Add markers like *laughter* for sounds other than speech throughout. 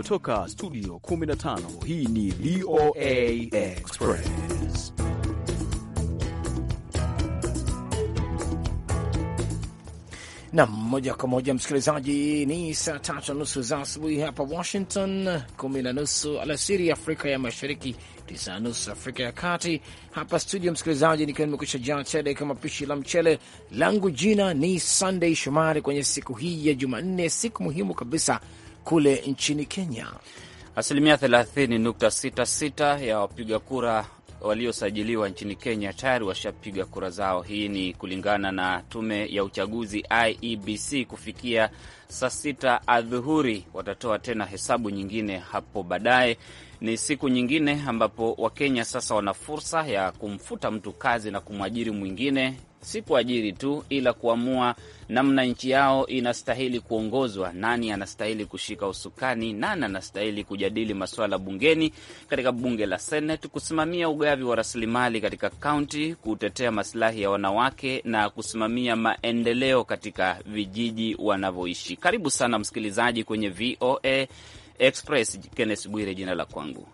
kutoka studio 15 hii ni VOA Express nam moja kwa moja msikilizaji ni saa tatu na nusu za asubuhi hapa Washington, kumi na nusu alasiri Afrika ya Mashariki, tisa na nusu Afrika ya Kati. Hapa studio msikilizaji, nikiwa nimekusha jaa tele kama pishi la mchele langu. Jina ni Sunday Shomari. Kwenye siku hii ya Jumanne, siku muhimu kabisa kule nchini Kenya. Asilimia 30.66 ya wapiga kura waliosajiliwa nchini Kenya tayari washapiga kura zao. Hii ni kulingana na tume ya uchaguzi IEBC. Kufikia saa sita adhuhuri, watatoa tena hesabu nyingine hapo baadaye ni siku nyingine ambapo Wakenya sasa wana fursa ya kumfuta mtu kazi na kumwajiri mwingine, si kuajiri tu, ila kuamua namna nchi yao inastahili kuongozwa, nani anastahili kushika usukani, nani anastahili kujadili masuala bungeni, katika bunge la Senate, kusimamia ugavi wa rasilimali katika kaunti, kutetea masilahi ya wanawake na kusimamia maendeleo katika vijiji wanavyoishi. Karibu sana msikilizaji kwenye VOA Express. Kenneth Bwire jina la kwangu.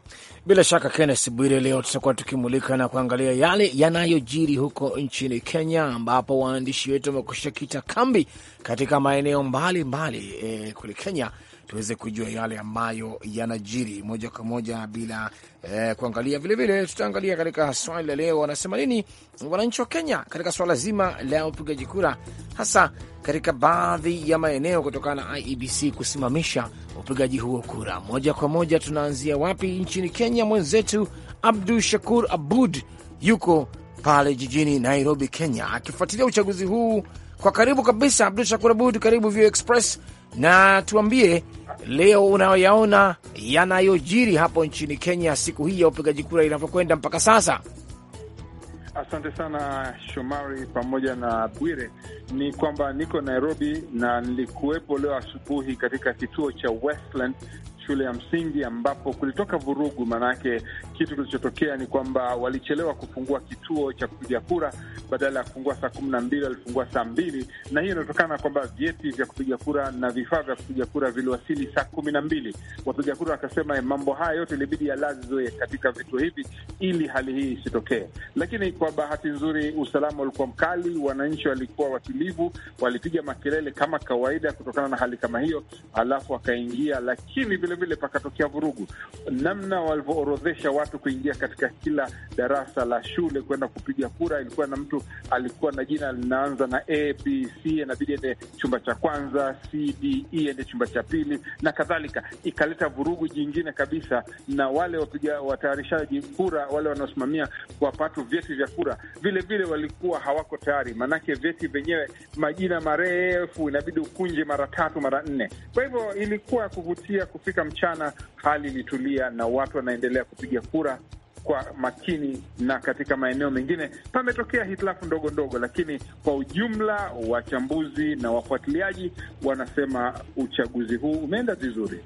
Bila shaka Kenneth Bwire, leo tutakuwa tukimulika na kuangalia yale yanayojiri huko nchini Kenya, ambapo waandishi wetu wamekusha kita kambi katika maeneo mbalimbali mbali, eh, e, kule Kenya tuweze kujua yale ambayo yanajiri moja kwa moja bila eh, kuangalia. Vilevile tutaangalia katika swali la leo, wanasema nini wananchi wa Kenya katika swala zima la upigaji kura, hasa katika baadhi ya maeneo kutokana na IEBC kusimamisha upigaji huo kura. Moja kwa moja tunaanzia wapi? Nchini Kenya, mwenzetu Abdu Shakur Abud yuko pale jijini Nairobi, Kenya, akifuatilia uchaguzi huu kwa karibu kabisa. Abdu Shakur Abud, karibu Vio Express na tuambie leo unayoyaona yanayojiri hapo nchini Kenya siku hii ya upigaji kura inavyokwenda mpaka sasa. Asante sana Shomari pamoja na Bwire. Ni kwamba niko Nairobi na nilikuwepo leo asubuhi katika kituo cha Westland shule ya msingi ambapo kulitoka vurugu. Maanake kitu kilichotokea ni kwamba walichelewa kufungua kituo cha kupiga kura, badala ya kufungua saa kumi na mbili walifungua saa mbili na hiyo inatokana kwamba vyeti vya kupiga kura na vifaa vya kupiga kura viliwasili saa kumi na mbili. Wapiga kura wakasema eh, mambo haya yote ilibidi yalazwe katika vituo hivi ili hali hii isitokee, lakini kwa bahati nzuri usalama ulikuwa mkali, wananchi walikuwa watulivu, walipiga makelele kama kawaida kutokana na hali kama hiyo, alafu wakaingia, lakini vile vilevile pakatokea vurugu. Namna walivyoorodhesha watu kuingia katika kila darasa la shule kwenda kupiga kura, ilikuwa na mtu alikuwa na jina linaanza na A, B, C, ende chumba cha kwanza, C, D, E ende chumba cha pili na kadhalika, ikaleta vurugu jingine kabisa. Na wale wapiga watayarishaji kura, wale wanaosimamia kuwapatu vyeti vya kura, vilevile walikuwa hawako tayari, maanake vyeti vyenyewe majina marefu, inabidi ukunje mara tatu mara nne. Kwa hivyo ilikuwa kuvutia kufika mchana hali ilitulia na watu wanaendelea kupiga kura kwa makini, na katika maeneo mengine pametokea hitilafu ndogo ndogo, lakini kwa ujumla wachambuzi na wafuatiliaji wanasema uchaguzi huu umeenda vizuri.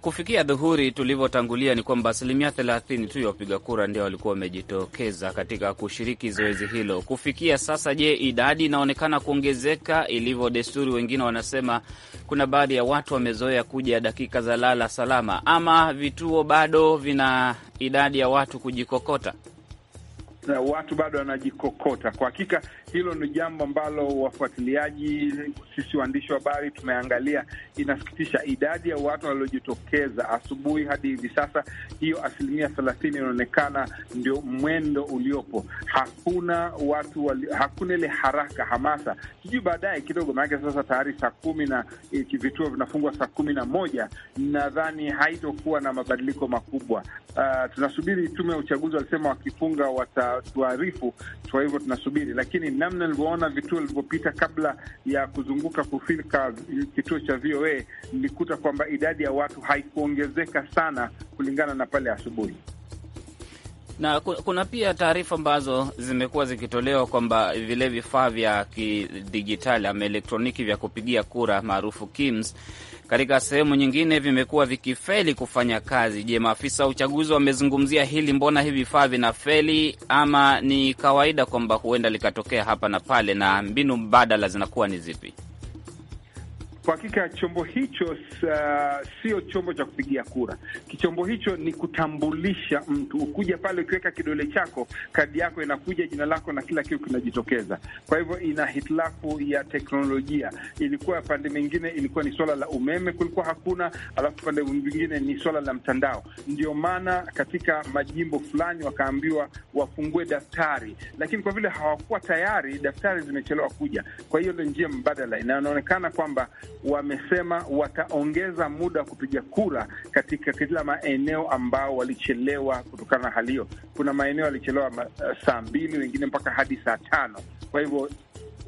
Kufikia dhuhuri tulivyotangulia ni kwamba asilimia thelathini tu ya wapiga kura ndio walikuwa wamejitokeza katika kushiriki zoezi hilo. Kufikia sasa, je, idadi inaonekana kuongezeka ilivyo desturi? Wengine wanasema kuna baadhi ya watu wamezoea kuja dakika za lala salama, ama vituo bado vina idadi ya watu kujikokota na watu bado wanajikokota. Kwa hakika hilo ni jambo ambalo wafuatiliaji, sisi waandishi wa habari tumeangalia. Inasikitisha idadi ya watu waliojitokeza asubuhi hadi hivi sasa, hiyo asilimia thelathini inaonekana ndio mwendo uliopo. Hakuna watu wali, hakuna ile haraka hamasa, sijui baadaye kidogo, maanake sasa tayari saa kumi na eh, vituo vinafungwa saa kumi na moja. Nadhani haitokuwa na mabadiliko makubwa. Uh, tunasubiri tume ya uchaguzi walisema wakifunga watatuarifu, kwa hivyo tunasubiri lakini namna nilivyoona vituo vilivyopita kabla ya kuzunguka kufika kituo cha VOA nilikuta kwamba idadi ya watu haikuongezeka sana kulingana na pale asubuhi na kuna pia taarifa ambazo zimekuwa zikitolewa kwamba vile vifaa vya kidijitali ama elektroniki vya kupigia kura maarufu KIMS katika sehemu nyingine vimekuwa vikifeli kufanya kazi. Je, maafisa wa uchaguzi wamezungumzia hili? Mbona hivi vifaa vinafeli, ama ni kawaida kwamba huenda likatokea hapa na pale, na mbinu mbadala zinakuwa ni zipi? Kwa hakika chombo hicho uh, sio chombo cha kupigia kura. Kichombo hicho ni kutambulisha mtu, ukuja pale ukiweka kidole chako, kadi yako inakuja, jina lako na kila kitu kinajitokeza. Kwa hivyo ina hitilafu ya teknolojia. Ilikuwa pande mengine ilikuwa ni swala la umeme, kulikuwa hakuna, alafu pande mwingine ni swala la mtandao. Ndio maana katika majimbo fulani wakaambiwa wafungue daftari, lakini kwa vile hawakuwa tayari, daftari zimechelewa kuja. Kwa hiyo ndio njia mbadala inaonekana kwamba wamesema wataongeza muda wa kupiga kura katika kila maeneo ambao walichelewa kutokana na hali hiyo. Kuna maeneo yalichelewa saa mbili, wengine mpaka hadi saa tano. Kwa hivyo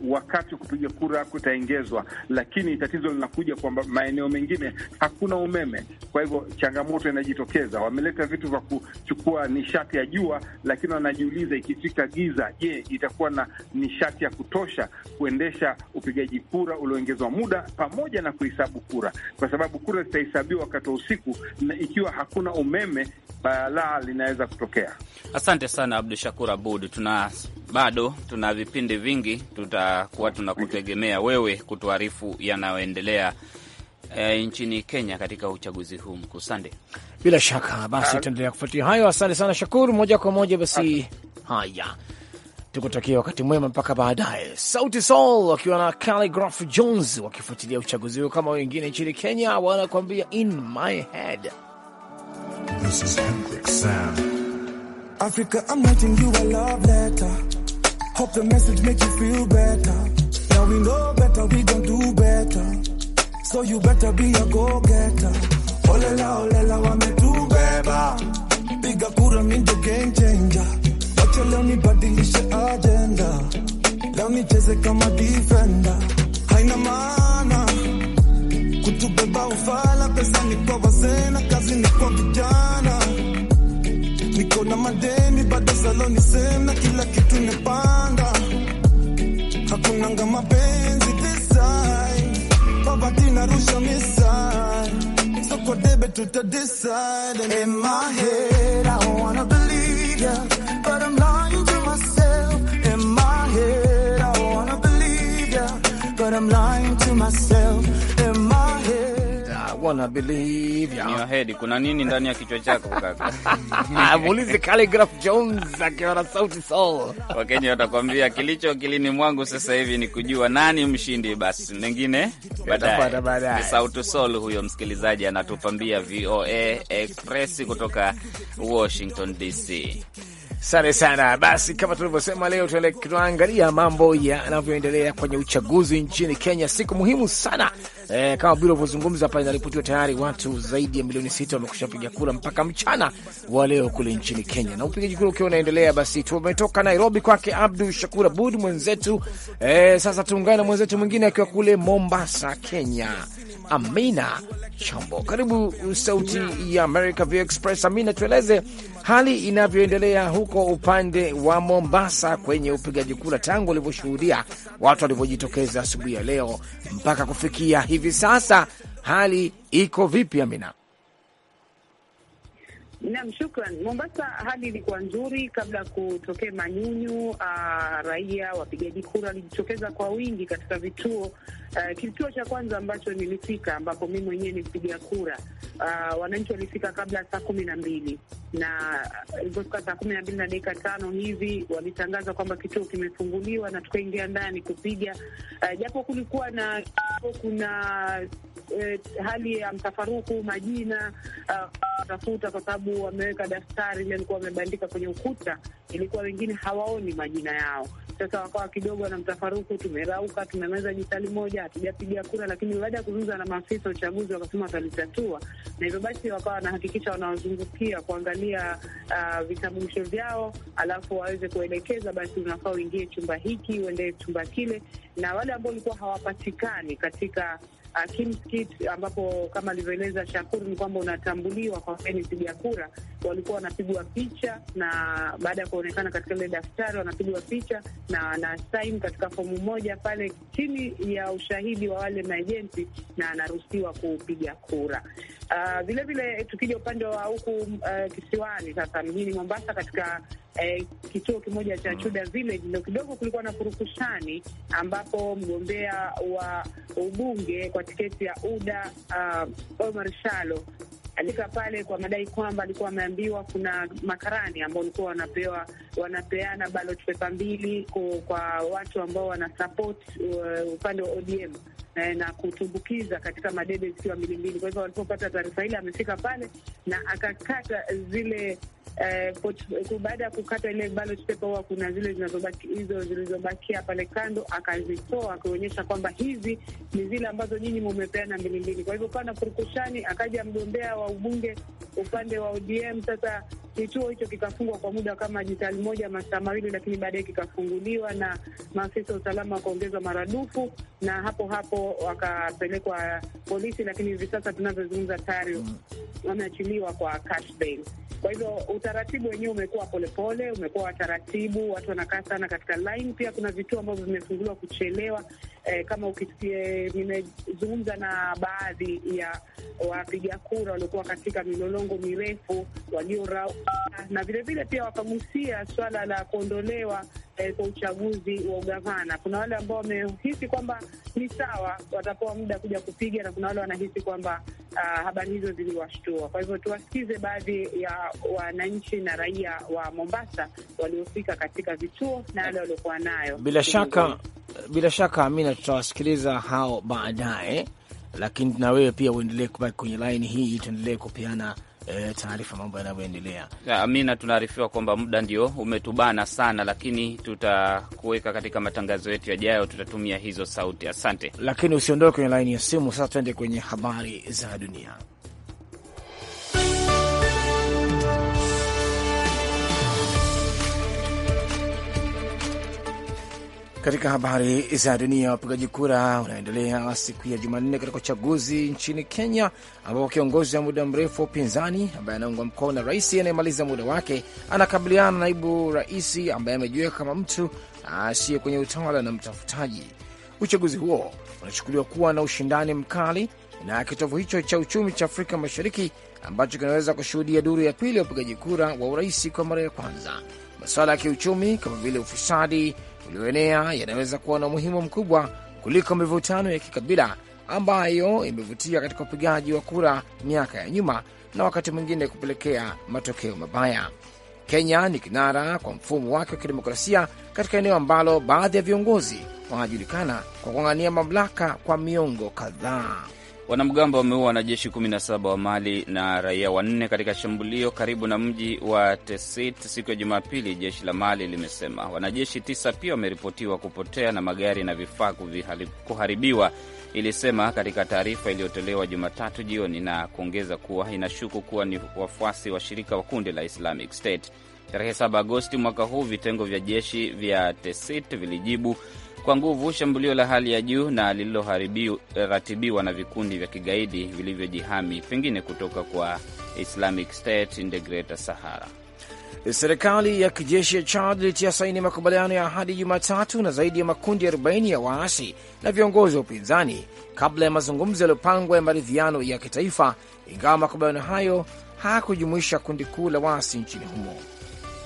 wakati wa kupiga kura kutaengezwa, lakini tatizo linakuja kwamba maeneo mengine hakuna umeme. Kwa hivyo changamoto inajitokeza. Wameleta vitu vya kuchukua nishati ya jua, lakini wanajiuliza ikifika giza, je, itakuwa na nishati ya kutosha kuendesha upigaji kura ulioongezwa muda pamoja na kuhesabu kura, kwa sababu kura zitahesabiwa wakati wa usiku, na ikiwa hakuna umeme, balaa linaweza kutokea. Asante sana Abdu Shakur Abud, tuna bado tuna vipindi vingi, tutakuwa tunakutegemea wewe kutuarifu yanayoendelea e, nchini Kenya katika uchaguzi huu mkuu. Sande, bila shaka basi ah. tutaendelea kufuatia hayo. Asante sana Shakuru. Moja kwa moja basi, haya tukutakia wakati mwema mpaka baadaye. Sauti Sol wakiwa na Khaligraph Jones wakifuatilia uchaguzi huo kama wengine nchini Kenya, wanakuambia in my head. This is Africa, I'm writing you a love letter. Hope the message makes you feel better. Now we know better, we gon' do better. So you better be a go-getter. Olela, olela, wametubeba. Piga kura mi ndo game changer. Wacha leo nibadilishe agenda. Leo nicheze kama defender. Haina maana kutubeba ufala, pesa ni kwa wazee na kazi ni kwa vijana niko na madeni bado saloni same na kila kitu nepanda, hakunanga mapenzi design poverty na rusha misai soko debe tuta decide in my head I wanna believe ya but I'm lying to myself in my head I wanna believe ya but I'm lying to myself wanna believe ya yeah. Hedi, kuna nini ndani ya kichwa chako kaka? *laughs* Ah, muulize Khaligraph Jones akiwa na Sauti Sol. Wakenya watakwambia kilicho kilini mwangu sasa hivi ni kujua nani mshindi, basi mengine baadaye. Sauti Sol huyo msikilizaji anatupambia VOA Express kutoka Washington DC sante sana. Basi kama tulivyosema, leo tunaangalia mambo yanavyoendelea kwenye uchaguzi nchini Kenya, siku muhimu sana e, kama vile ulivyozungumza pale, inaripotiwa tayari watu zaidi ya milioni sita wamekusha piga kura mpaka mchana wa leo kule nchini Kenya, na upigaji kura ukiwa unaendelea. Basi tumetoka Nairobi kwake Abdu Shakur Abud mwenzetu. E, sasa tuungane na mwenzetu mwingine akiwa kule Mombasa, Kenya. Amina Chombo. Karibu Sauti ya America VOA Express. Amina, tueleze hali inavyoendelea huko upande wa Mombasa kwenye upigaji kura, tangu walivyoshuhudia watu walivyojitokeza asubuhi ya leo mpaka kufikia hivi sasa, hali iko vipi Amina? Naam, shukran. Mombasa hali ilikuwa nzuri kabla ya kutokea manyunyu. Ah, raia wapigaji kura walijitokeza kwa wingi katika vituo. uh, kituo cha kwanza ambacho nilifika ambapo mi mwenyewe nilipiga kura, ah, wananchi walifika kabla saa kumi na mbili na ilivyofika saa kumi na mbili na dakika tano hivi walitangaza kwamba kituo kimefunguliwa na tukaingia ndani kupiga, ah, japo kulikuwa na kuna eh, hali ya mtafaruku majina watafuta eh, uh, kwa sababu wameweka daftari ile ilikuwa wamebandika kwenye ukuta, ilikuwa wengine hawaoni majina yao. Sasa wakawa kidogo na mtafaruku, tumerauka, tumemeza jitali moja, hatujapiga kura. Lakini baada ya kuzungumza na maafisa uchaguzi, wakasema watalitatua, na hivyo basi wakawa wanahakikisha wanawazungukia kuangalia uh, vitambulisho vyao, alafu waweze kuelekeza, basi unafaa uingie chumba hiki, uendee chumba kile, na wale ambao walikuwa hawapatikani katika uh, Kimskit ambapo kama alivyoeleza shakuru ni kwamba unatambuliwa kwa ni mpiga kura walikuwa wanapigwa picha na baada ya kuonekana katika ile daftari wanapigwa picha na wanasaini katika fomu moja pale chini ya ushahidi wa wale maejenti na anaruhusiwa kupiga kura. Vilevile ah, uh, tukija upande wa huku uh, kisiwani sasa mjini Mombasa katika Eh, kituo kimoja cha Chuda Village ndo kidogo kulikuwa na furukushani ambapo mgombea wa ubunge kwa tiketi ya UDA uh, Omar Shalo alika pale kwa madai kwamba alikuwa ameambiwa kuna makarani ambao walikuwa wanapewa wanapeana ballot paper mbili kwa watu ambao wanasupport uh, upande wa ODM eh, na kutumbukiza katika madebe zikiwa mbilimbili Kwa hivyo walipopata taarifa ile, amefika pale na akakata zile uh, baada ya kukata ile ballot paper huwa kuna zile zinazobaki hizo zilizobakia pale kando, akazitoa akionyesha kwamba hizi ni zile ambazo nyinyi mumepeana mbili mbili. Kwa hivyo pana purukushani, akaja mgombea wa ubunge upande wa ODM. Sasa kituo hicho kikafungwa kwa muda kama jitali moja masaa mawili, lakini baadaye kikafunguliwa na maafisa wa usalama wakaongezwa maradufu, na hapo hapo wakapelekwa polisi, lakini hivi sasa tunavyozungumza tayari mm. wameachiliwa kwa cash bail. Kwa hivyo utaratibu wenyewe umekuwa polepole, umekuwa wataratibu, watu wanakaa sana katika line. Pia kuna vituo ambavyo vimefunguliwa kuchelewa, eh, kama ukisikia, nimezungumza na baadhi ya wapiga kura waliokuwa katika milolongo mirefu walioraua na vilevile pia wakagusia swala la kuondolewa eh, kwa uchaguzi wa ugavana. Kuna wale ambao wamehisi kwamba ni sawa, watapewa muda kuja kupiga, na kuna wale wanahisi kwamba Uh, habari hizo ziliwashtua. Kwa hivyo tuwasikize baadhi ya wananchi na raia wa Mombasa waliofika katika vituo na wale waliokuwa nayo. Bila shaka bila shaka Amina, tutawasikiliza hao baadaye, lakini na wewe pia uendelee kubaki kwenye laini hii, tuendelee kupeana e, taarifa mambo yanavyoendelea. Amina, tunaarifiwa kwamba muda ndio umetubana sana, lakini tutakuweka katika matangazo yetu yajayo, tutatumia hizo sauti. Asante, lakini usiondoke kwenye laini ya simu. Sasa tuende kwenye habari za dunia. Katika habari za dunia, wapigaji kura unaendelea siku ya Jumanne katika uchaguzi nchini Kenya, ambapo kiongozi wa muda mrefu wa upinzani ambaye anaungwa mkono na rais anayemaliza muda wake anakabiliana na naibu rais ambaye amejiweka kama mtu asiye kwenye utawala na mtafutaji. Uchaguzi huo unachukuliwa kuwa na ushindani mkali na kitovu hicho cha uchumi cha Afrika Mashariki ambacho kinaweza kushuhudia duru ya pili ya upigaji kura wa urais kwa mara ya kwanza. Masuala ya kiuchumi kama vile ufisadi yaliyoenea yanaweza kuwa na umuhimu mkubwa kuliko mivutano ya kikabila ambayo imevutia katika upigaji wa kura miaka ya nyuma na wakati mwingine kupelekea matokeo mabaya. Kenya ni kinara kwa mfumo wake wa kidemokrasia katika eneo ambalo baadhi ya viongozi wanajulikana kwa kung'ang'ania mamlaka kwa miongo kadhaa. Wanamgambo wameua wanajeshi 17 wa Mali na raia wanne katika shambulio karibu na mji wa Tessit siku ya Jumapili, jeshi la Mali limesema. Wanajeshi tisa pia wameripotiwa kupotea na magari na vifaa kuharibiwa, ilisema katika taarifa iliyotolewa Jumatatu jioni, na kuongeza kuwa inashuku kuwa ni wafuasi washirika wa kundi la Islamic State. Tarehe 7 Agosti mwaka huu vitengo vya jeshi vya Tessit vilijibu kwa nguvu shambulio la hali ya juu na lililoratibiwa eh, na vikundi vya kigaidi vilivyojihami pengine kutoka kwa Islamic State in the Greater Sahara. Serikali ya kijeshi ya Chad ilitia saini makubaliano ya ahadi Jumatatu na zaidi ya makundi 40 ya waasi na viongozi wa upinzani kabla ya mazungumzo yaliyopangwa ya maridhiano ya kitaifa, ingawa makubaliano hayo hayakujumuisha kundi kuu la waasi nchini humo.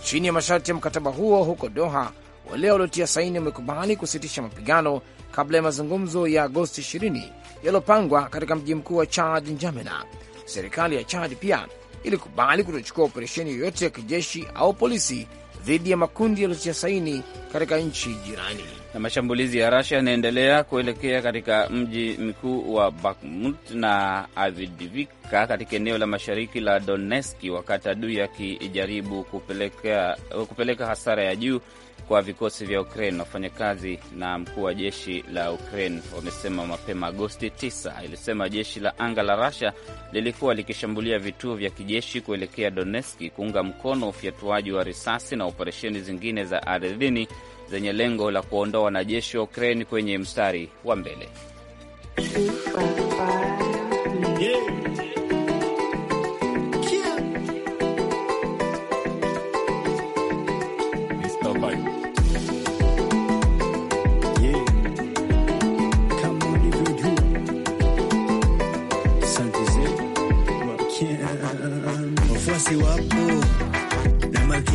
Chini ya masharti ya mkataba huo huko Doha, wale waliotia saini wamekubali kusitisha mapigano kabla ya mazungumzo ya Agosti 20 yaliyopangwa katika mji mkuu wa Chad, Njamena. Serikali ya Chad pia ilikubali kutochukua operesheni yoyote ya kijeshi au polisi dhidi ya makundi yaliyotia saini katika nchi jirani. Na mashambulizi ya rasia yanaendelea kuelekea katika mji mkuu wa Bakhmut na Avdiivka katika eneo la mashariki la Donetsk, wakati adui akijaribu kupeleka, kupeleka hasara ya juu kwa vikosi vya Ukraine. Wafanyakazi na mkuu wa jeshi la Ukraine wamesema mapema Agosti 9 ilisema jeshi la anga la Russia lilikuwa likishambulia vituo vya kijeshi kuelekea Donetski kuunga mkono ufyatuaji wa risasi na operesheni zingine za ardhini zenye lengo la kuondoa wanajeshi wa Ukraine kwenye mstari wa mbele.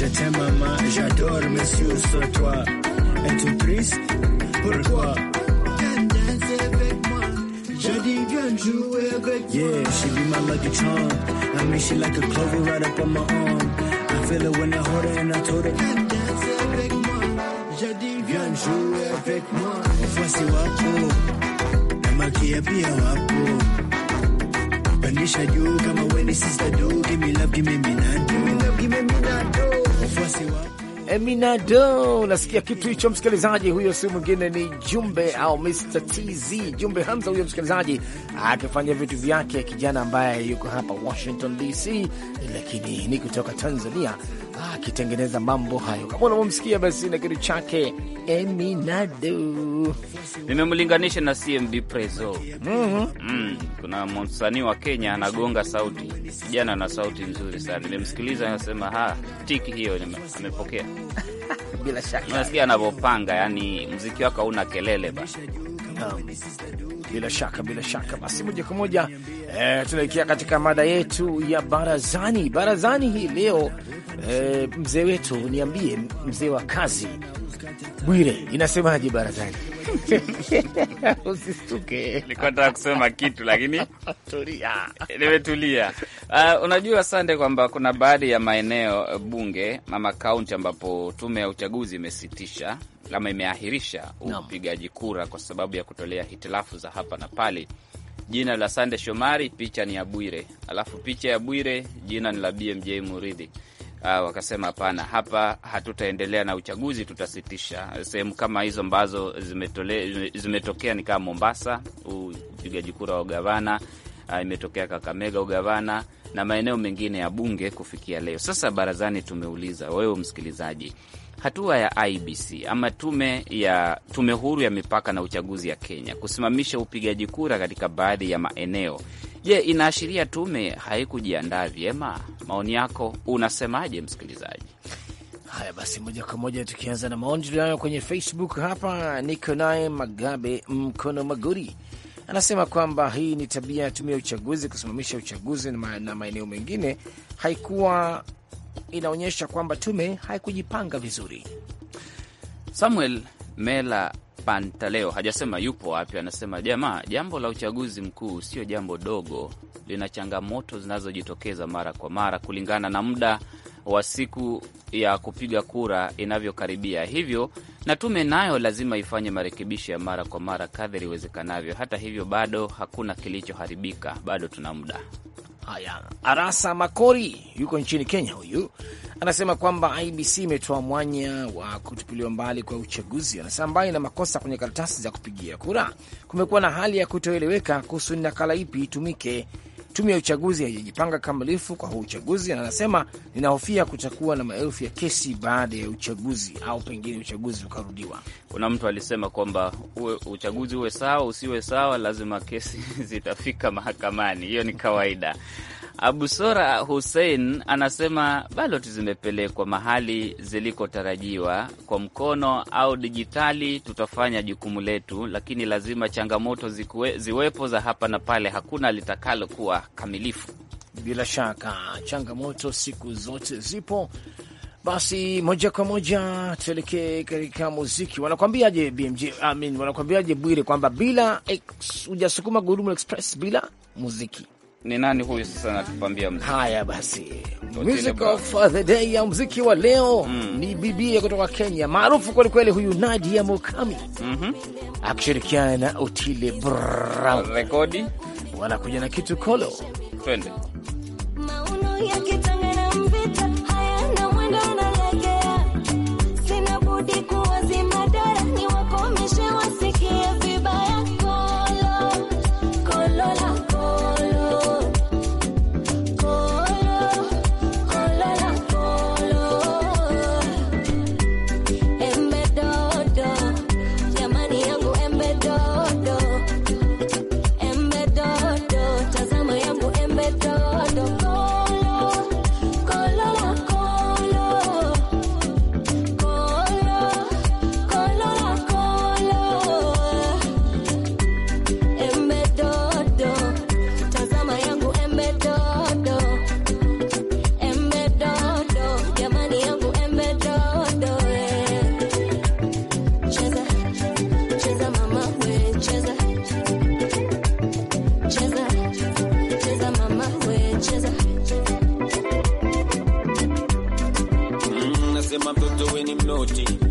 Je t'aime maman, j'adore monsieur sur toi. Es-tu triste Pourquoi Je dis viens jouer avec moi. Yeah, she be my lucky charm. I mean she like a clover right up on my arm. I feel it when I hold her and I told her. Viens danser avec moi. Je dis viens jouer avec moi. Wafuasi wapo, na makia pia wapo. Pandisha juu kama wewe sister do. Give me love, give me minado. Give me love, give me minado. Eminado, unasikia kitu hicho msikilizaji? Huyo si mwingine ni Jumbe au Mr TZ Jumbe Hamza, huyo msikilizaji akifanya vitu vyake, kijana ambaye yuko hapa Washington DC, lakini ni kutoka Tanzania Ah, akitengeneza mambo hayo kama unavyomsikia basi na kitu chake Eminado. Nimemlinganisha na CMB Prezo. mm -hmm. Mm, kuna msanii wa Kenya anagonga sauti, kijana na sauti nzuri sana. Nimemsikiliza anasema ha tiki hiyo nime, amepokea *laughs* bila shaka, nasikia anavyopanga, yani mziki wake hauna kelele basi bila shaka, bila shaka. Basi moja kwa moja eh, tunaelekea katika mada yetu ya barazani. Barazani hii leo eh, mzee wetu, niambie mzee wa kazi Bwire inasemaje barazani? *laughs* Usistuke, nilikuwa nataka kusema kitu lakini *laughs* tulia, nimetulia. Uh, unajua Sande, kwamba kuna baadhi ya maeneo eh, bunge ama kaunti ambapo tume ya uchaguzi imesitisha ama imeahirisha upigaji kura kwa sababu ya kutolea hitilafu za hapa na pale. Jina la Sande Shomari, picha ni ya Bwire, alafu picha ya Bwire, jina ni la BMJ Muridhi. Uh, wakasema hapana, hapa hatutaendelea na uchaguzi, tutasitisha. Sehemu kama hizo ambazo zimetokea ni kama Mombasa, upigaji kura wa ugavana uh, imetokea Kakamega ugavana na maeneo mengine ya bunge kufikia leo. Sasa barazani tumeuliza wewe msikilizaji, hatua ya IBC ama tume ya tume huru ya mipaka na uchaguzi ya Kenya kusimamisha upigaji kura katika baadhi ya maeneo Je, inaashiria tume haikujiandaa vyema? Maoni yako unasemaje, msikilizaji? Haya basi, moja kwa moja tukianza na maoni tunayo kwenye Facebook hapa. Niko naye Magabe Mkono Maguri anasema kwamba hii ni tabia ya tume ya uchaguzi kusimamisha uchaguzi na maeneo mengine haikuwa inaonyesha kwamba tume haikujipanga vizuri. Samuel Mela Pantaleo hajasema yupo wapi, anasema jamaa, jambo la uchaguzi mkuu sio jambo dogo, lina changamoto zinazojitokeza mara kwa mara kulingana na muda wa siku ya kupiga kura inavyokaribia. Hivyo na tume nayo lazima ifanye marekebisho ya mara kwa mara kadri iwezekanavyo. Hata hivyo, bado hakuna kilichoharibika, bado tuna muda. Haya, Arasa Makori yuko nchini Kenya. Huyu anasema kwamba IBC imetoa mwanya wa kutupiliwa mbali kwa uchaguzi. Anasema mbali na makosa kwenye karatasi za kupigia kura, kumekuwa na hali ya kutoeleweka kuhusu ni nakala ipi itumike Tume ya uchaguzi haijajipanga kamilifu kwa huu uchaguzi, na anasema ninahofia kutakuwa na maelfu ya kesi baada ya uchaguzi au pengine uchaguzi ukarudiwa. Kuna mtu alisema kwamba uwe, uchaguzi uwe sawa usiwe sawa, lazima kesi *laughs* zitafika mahakamani. Hiyo ni kawaida. Abusora Hussein anasema baloti zimepelekwa mahali zilikotarajiwa kwa mkono au dijitali. Tutafanya jukumu letu, lakini lazima changamoto zikuwe, ziwepo za hapa na pale. Hakuna litakalo kuwa kamilifu. Bila shaka changamoto siku zote zipo. Basi moja kwa moja tuelekee katika muziki. Wanakwambiaje BMJ I mean, wanakwambiaje Bwire kwamba bila hujasukuma gurumu express bila muziki ni nani huyu sasa anatupambia mziki? Haya basi, music of the day ya mziki wa leo mm. ni bibia kutoka Kenya maarufu kwelikweli, huyu Nadia Mukami mm -hmm. akishirikiana na Otile Brown rekodi wanakuja na kitu kolo, twende maono ya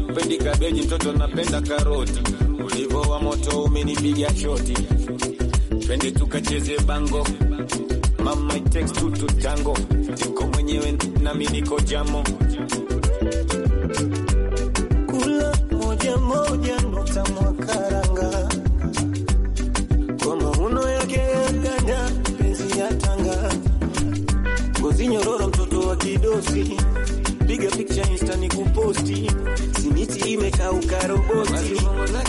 Pendi kabeji mtoto napenda karoti, ulivo wa moto umenipiga shoti, twende tukacheze bango, mama it takes two to tango, niko mwenyewe nami niko jamo, kula moja moja nota mwakaranga kwa mauno yake yaganda penzi ya tanga ngozi nyororo mtoto wa kidosi piga picha insta kuposti imekauka roboti,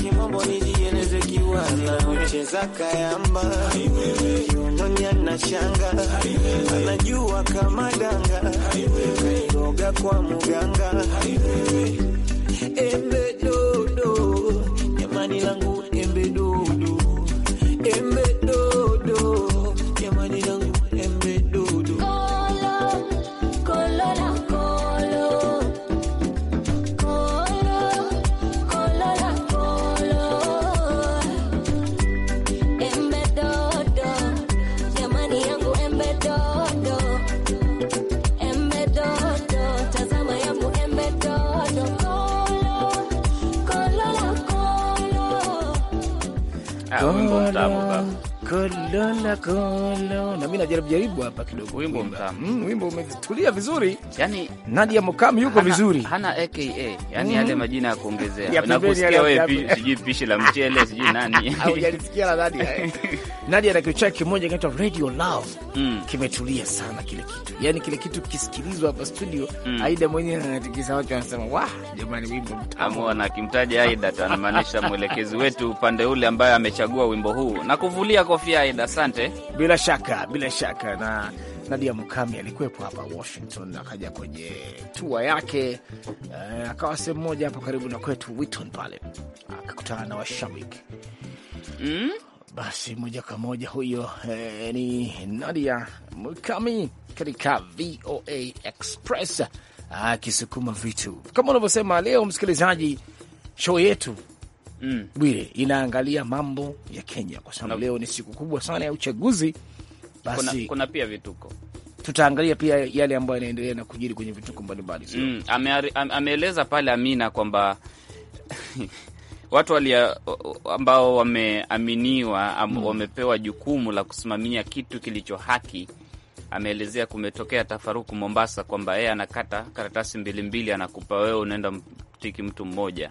kimombo nijieleze kiwana, ucheza kayamba nyonya na shanga, anajua kama danga, kairoga kwa muganga, embe dodo, jamani langu mtamu kolona kolona, mi najaribu jaribu hapa kidogo, wimbo mtamu mm, wimbo umetulia vizuri yani, Nadia Mokami yuko hana, vizuri hana aka yani mm. yale mm, majina ya kuongezea nakusikia wewe, sijui pishi la mchele sijui *laughs* nani au jalisikia la Nadia *laughs* Nadia na chake kimoja kinaitwa Radio Love mm. Kimetulia sana kile kitu, yani kile kitu kisikilizwa hapa studio mm. Aida mwenyewe anatikisa watu, anasema wa jamani, wimbo mtamu. Akimtaja Aida tunamaanisha *laughs* mwelekezi wetu upande ule ambaye amechagua wimbo huu na kuvulia kofia Aida. Asante bila shaka, bila shaka na Nadia Mukami alikuwepo hapa Washington, akaja kwenye tua yake uh, akawa sehemu moja hapa karibu na kwetu Witton pale akakutana na washabiki mm? Basi moja kwa moja huyo eh, ni Nadia Mukami katika VOA Express akisukuma ah, vitu kama unavyosema. Leo msikilizaji, show yetu mm, Bwire inaangalia mambo ya Kenya kwa sababu leo ni siku kubwa sana ya uchaguzi. Basi kuna, kuna pia vituko tutaangalia pia yale ambayo yanaendelea na kujiri kwenye vituko mbalimbali. Mm, ameeleza pale Amina kwamba *laughs* watu walia, ambao wameaminiwa am, mm. wamepewa jukumu la kusimamia kitu kilicho haki. Ameelezea kumetokea tafaruku Mombasa kwamba yeye anakata karatasi mbili mbili, anakupa wewe, unaenda mtiki mtu mmoja.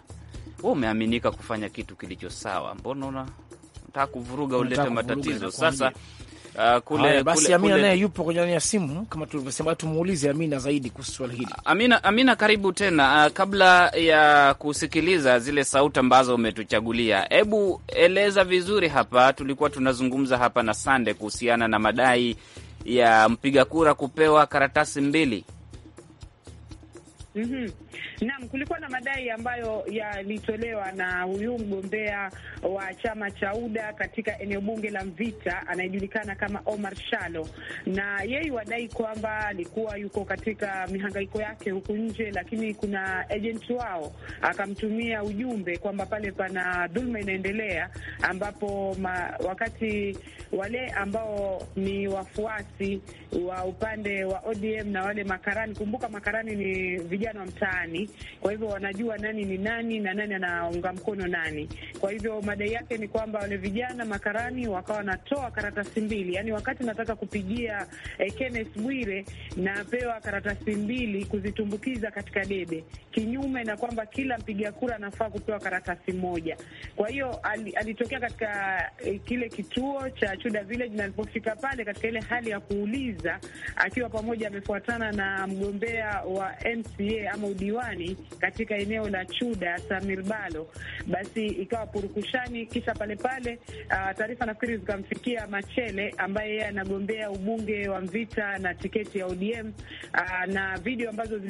We umeaminika kufanya kitu kilicho sawa, mbona unataka kuvuruga, ulete matatizo sasa Uh, kule, Haya, basi kule, Amina naye yupo kwenye ya simu kama tulivyosema, tumuulize Amina zaidi kuhusu swali hili. Amina, Amina karibu tena. Uh, kabla ya kusikiliza zile sauti ambazo umetuchagulia, hebu eleza vizuri hapa. Tulikuwa tunazungumza hapa na Sande kuhusiana na madai ya mpiga kura kupewa karatasi mbili. mm -hmm. Naam, kulikuwa na madai ambayo yalitolewa na huyu mgombea wa chama cha UDA katika eneo bunge la Mvita anayejulikana kama Omar Shalo, na yeye wadai kwamba alikuwa yuko katika mihangaiko yake huku nje, lakini kuna agent wao akamtumia ujumbe kwamba pale pana dhulma inaendelea, ambapo ma, wakati wale ambao ni wafuasi wa upande wa ODM na wale makarani, kumbuka makarani ni vijana wa mtaa fulani. Kwa hivyo wanajua nani ni nani na nani anaunga mkono nani. Kwa hivyo madai yake ni kwamba wale vijana makarani wakawa wanatoa karatasi mbili, yaani wakati nataka kupigia eh, Kenneth Bwire napewa karatasi mbili kuzitumbukiza katika debe, kinyume na kwamba kila mpiga kura anafaa kupewa karatasi moja. Kwa hiyo al, alitokea katika eh, kile kituo cha Chuda Village na alipofika pale katika ile hali ya kuuliza, akiwa pamoja amefuatana na mgombea wa MCA ama UDA diwani katika eneo la Chuda Samirbalo, basi ikawa purukushani, kisha pale pale uh, taarifa nafikiri zikamfikia Machele ambaye yeye anagombea ubunge wa Mvita na tiketi ya ODM uh, ah, na video ambazo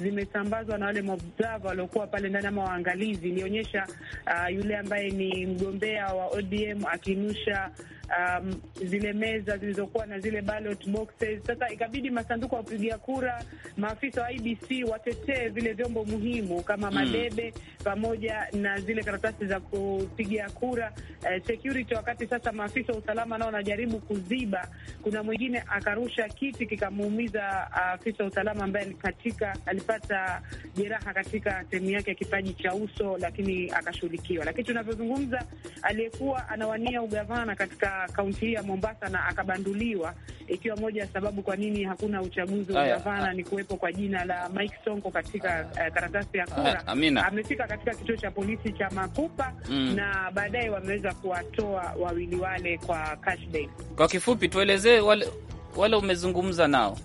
zimesambazwa na wale maobserva waliokuwa pale ndani ama waangalizi ilionyesha uh, yule ambaye ni mgombea wa ODM akinusha Um, zile meza zilizokuwa na zile ballot boxes. Sasa ikabidi masanduku ya kupigia kura, maafisa wa IBC watetee vile vyombo muhimu kama mm. madebe mm, pamoja na zile karatasi za kupigia kura eh, security. Wakati sasa maafisa wa usalama nao wanajaribu kuziba, kuna mwingine akarusha kiti kikamuumiza ah, afisa wa usalama ambaye katika alipata jeraha katika sehemu yake ya kipaji cha uso, lakini akashughulikiwa. Lakini tunavyozungumza, aliyekuwa anawania ugavana katika kaunti hii ya Mombasa na akabanduliwa, ikiwa moja ya sababu kwa nini hakuna uchaguzi wa ugavana ah. ni kuwepo kwa jina la Mike Sonko katika kupata uh, eh, karatasi ya kura uh, amefika katika kituo cha polisi cha Makupa mm. na baadaye wameweza kuwatoa wawili wale kwa cash bail. Kwa kifupi, tuelezee wale, wale umezungumza nao.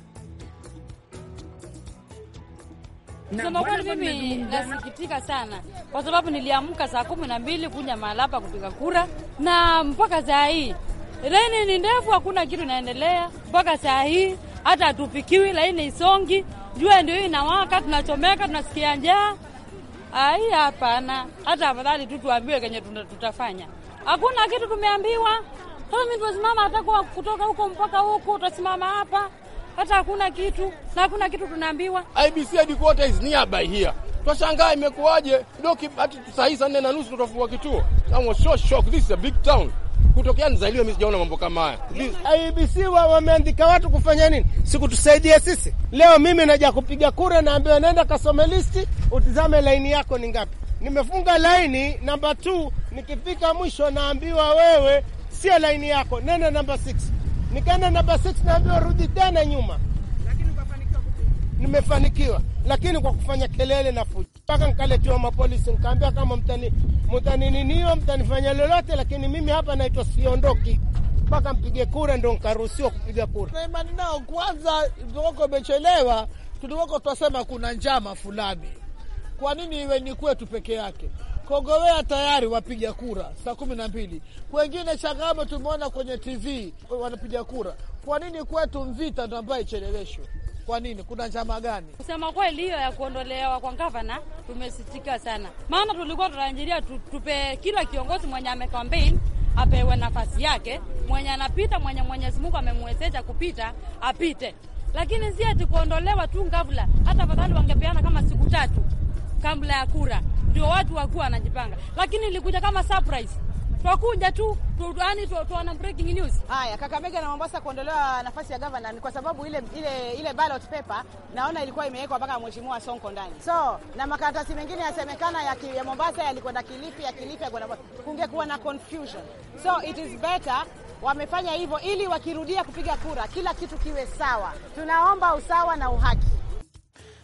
Na kusema kweli mimi nasikitika sana kwa sababu niliamka saa kumi na mbili kuja mahali hapa kupiga kura, na mpaka saa hii laini ni ndefu, hakuna kitu inaendelea mpaka saa hii, hata hatupikiwi, laini isongi jua ndio hiyo inawaka, tunachomeka, tunasikia njaa. Ai, hapana, hata afadhali tu tuambiwe kenye tutafanya. Hakuna kitu tumeambiwa. Sasa mimi tusimama hata kwa kutoka huko mpaka huko, utasimama hapa hata hakuna kitu na hakuna kitu tunaambiwa. IBC headquarters is nearby here. Twashangaa imekuwaje? Ndio hati saa hii saa nne na nusu tutafungua kituo. I'm so shocked. This is a big town kutokea nizaliwe mimi sijaona mambo kama haya. IBC wao wameandika watu kufanya nini? Sikutusaidia sisi. Leo mimi naja kupiga kura, naambiwa naenda kasome listi, utizame laini yako ni ngapi. Nimefunga laini namba 2, nikifika mwisho naambiwa wewe sio laini yako, nenda namba 6. Nikaenda namba 6, naambiwa rudi tena nyuma nimefanikiwa, lakini kwa kufanya kelele na fujo. Mpaka nkaletiwa mapolisi, nkaambia kama mtanininio, mtanifanya lolote, lakini mimi hapa naitwa siondoki mpaka mpige kura, ndo nkaruhusiwa kupiga kura. Na imani nao kwanza, tuoko imechelewa, tulioko twasema kuna njama fulani. Kwa nini iwe ni kwetu peke yake? Kogowea tayari wapiga kura saa kumi na mbili, kwengine Changamo tumeona kwenye TV wanapiga kura. Kwa nini kwetu Mvita ndo ambayo icheleweshwe? Kwa nini? Kuna njama gani? Kusema kweli, hiyo ya kuondolewa kwa gavana tumesitika sana, maana tulikuwa tunaanjiria tupe kila kiongozi mwenye amekampeni apewe nafasi yake, mwenye anapita, mwenye Mwenyezi Mungu amemwezesha kupita apite, lakini si ati kuondolewa tu ngavula. Hata fadhali wangepeana kama siku tatu kabla ya kura, ndio watu wakuwa wanajipanga, lakini ilikuja kama surprise twakuja tu tuani tuana breaking news. Haya, Kakamega na Mombasa kuondolewa nafasi ya gavana ni kwa sababu ile ile ile ballot paper naona ilikuwa imewekwa mpaka mheshimiwa Sonko ndani, so na makaratasi mengine yasemekana ya, ya Mombasa yalikwenda Kilifi ya Kilifi yakwenda kungekuwa na confusion, so it is better wamefanya hivyo ili wakirudia kupiga kura kila kitu kiwe sawa. Tunaomba usawa na uhaki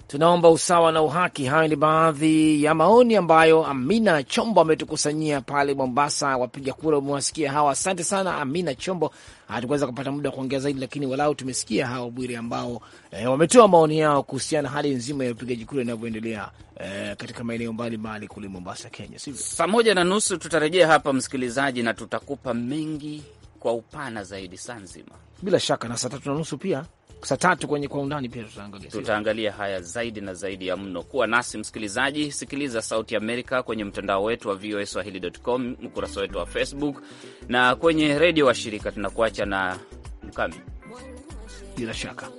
tunaomba usawa na uhaki. Hayo ni baadhi ya maoni ambayo Amina Chombo ametukusanyia pale Mombasa. Wapiga kura umewasikia hawa, asante sana Amina Chombo. Hatukuweza kupata muda wa kuongea zaidi, lakini walau tumesikia hawa bwiri ambao eh, wametoa maoni yao kuhusiana hali nzima ya upigaji kura inavyoendelea eh, katika maeneo mbalimbali kule Mombasa, Kenya. Sivyo? Saa moja na nusu tutarejea hapa msikilizaji, na tutakupa mengi kwa upana zaidi saa nzima, bila shaka na saa tatu na nusu pia saa tatu kwenye kwa undani pia tutaangalia tutaangalia haya zaidi na zaidi ya mno. Kuwa nasi msikilizaji, sikiliza Sauti Amerika kwenye mtandao wetu wa VOA Swahili.com, ukurasa wetu wa Facebook na kwenye redio wa shirika. Tunakuacha na mkami bila shaka